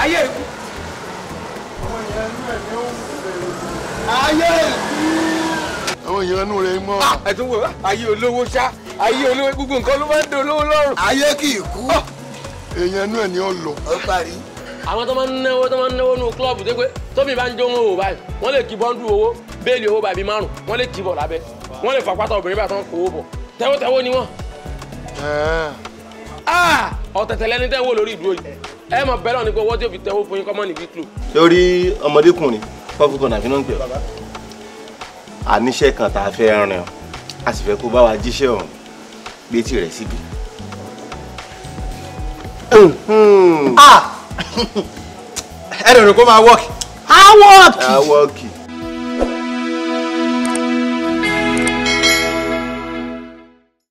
ayé ikú. ayé ikú. àwọn èèyàn inú rẹ̀ mọ́. Ah, ẹ tún wò ayé olówó ṣá ayé olówó gbogbo nǹkan ló máa ń do olówó lọ́rùn. ayé kì í kú. Ah. èèyàn inú ẹ̀ ni ó lọ. ó parí. àwọn tó máa ń náwó tó máa ń náwó nínú kílọ̀bù tó pé tóbi bá ń jó owó báyìí wọ́n lè kí bọ́ńdù owó béèlì owó bàbí márùn wọ́n lè kí bọ̀ lábẹ́ wọ́n lè fàpátá obìnrin bá tán kó owó bọ̀ tẹ́wọ́tẹ́wọ́ ni wọ́n. Ah! ọ̀tẹ̀tẹ̀ lẹni tẹ́ ń wò lórí ìdúró yìí ẹ mọ̀ bẹ́ẹ̀ lọ́ni pé owó tí òbí tẹ́wọ́ fún yín kọ́mọ́ níbi kúlò. lórí ọmọdékùnrin pọ́fùkàn àfi náà ń pè ọ́ àníṣe kan tá a fẹ́ rìn a sì fẹ́ kó bá wa jíṣẹ́ ọ̀hún gbé tì rẹ̀ síbi. Ah! ẹ rẹ̀ rẹ̀ kó máa wọ́ọ̀kì. a wọ́ọ̀kì. a wọ́ọ̀kì.